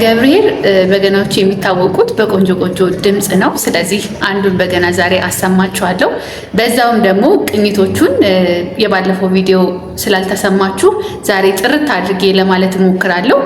ገብርኤል በገናዎች የሚታወቁት በቆንጆ ቆንጆ ድምፅ ነው። ስለዚህ አንዱን በገና ዛሬ አሰማችኋለሁ። በዛውም ደግሞ ቅኝቶቹን የባለፈው ቪዲዮ ስላልተሰማችሁ ዛሬ ጥርት አድርጌ ለማለት እሞክራለሁ።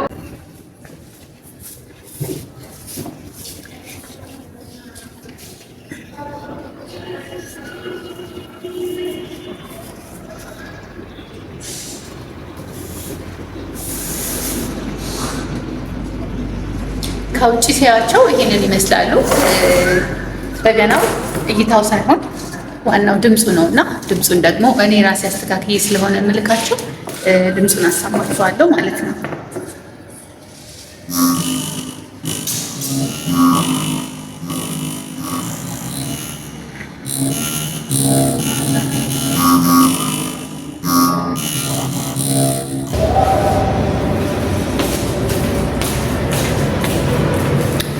ከውጭ ሲያቸው ይሄንን ይመስላሉ። በገናው እይታው ሳይሆን ዋናው ድምፁ ነው እና ድምፁን ደግሞ እኔ ራሴ አስተካክዬ ስለሆነ የምልካቸው ድምፁን አሰማችኋለሁ ማለት ነው።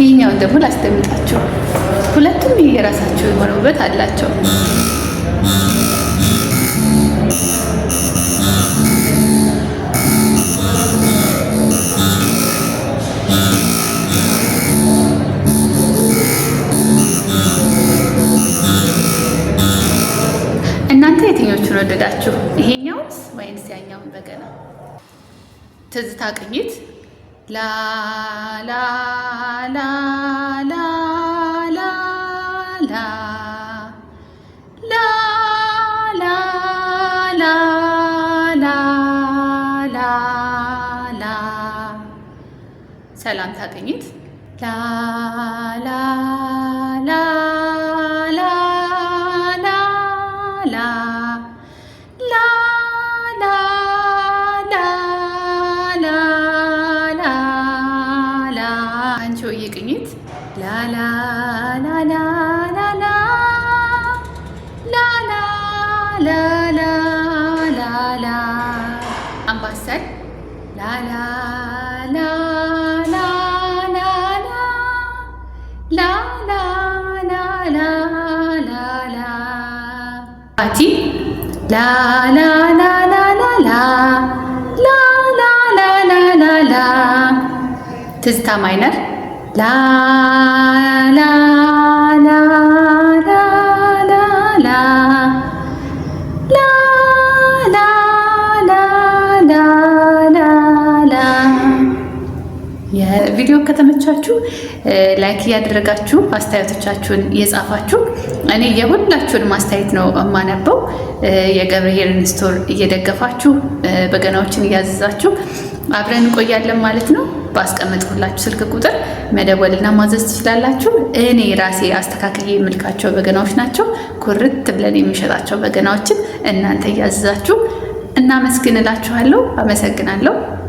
ይህኛውን ደግሞ ላስደምጣችሁ። ሁለቱም የራሳቸው የሆነ ውበት አላቸው። እናንተ የትኞቹን ወደዳችሁ? ይሄኛውስ ወይንስ ያኛውን በገና? ትዝታ ቅኝት ላ ላ ሰላምታ ቅኝት ላ ቆንጆዬ ቅኝት ላላ አምባሰል ማይነር ቪዲዮ ከተመቻችሁ ላይክ እያደረጋችሁ አስተያየቶቻችሁን እየጻፋችሁ እኔ የሁላችሁን አስተያየት ነው የማነበው። የገብርኄርን ስቶር እየደገፋችሁ በገናዎችን እያዘዛችሁ አብረን እንቆያለን ማለት ነው። ባስቀመጥኩላችሁ ስልክ ቁጥር መደወልና ማዘዝ ትችላላችሁ። እኔ ራሴ አስተካክዬ የምልካቸው በገናዎች ናቸው። ኩርት ብለን የሚሸጣቸው በገናዎችን እናንተ እያዘዛችሁ እናመስግንላችኋለሁ። አመሰግናለሁ።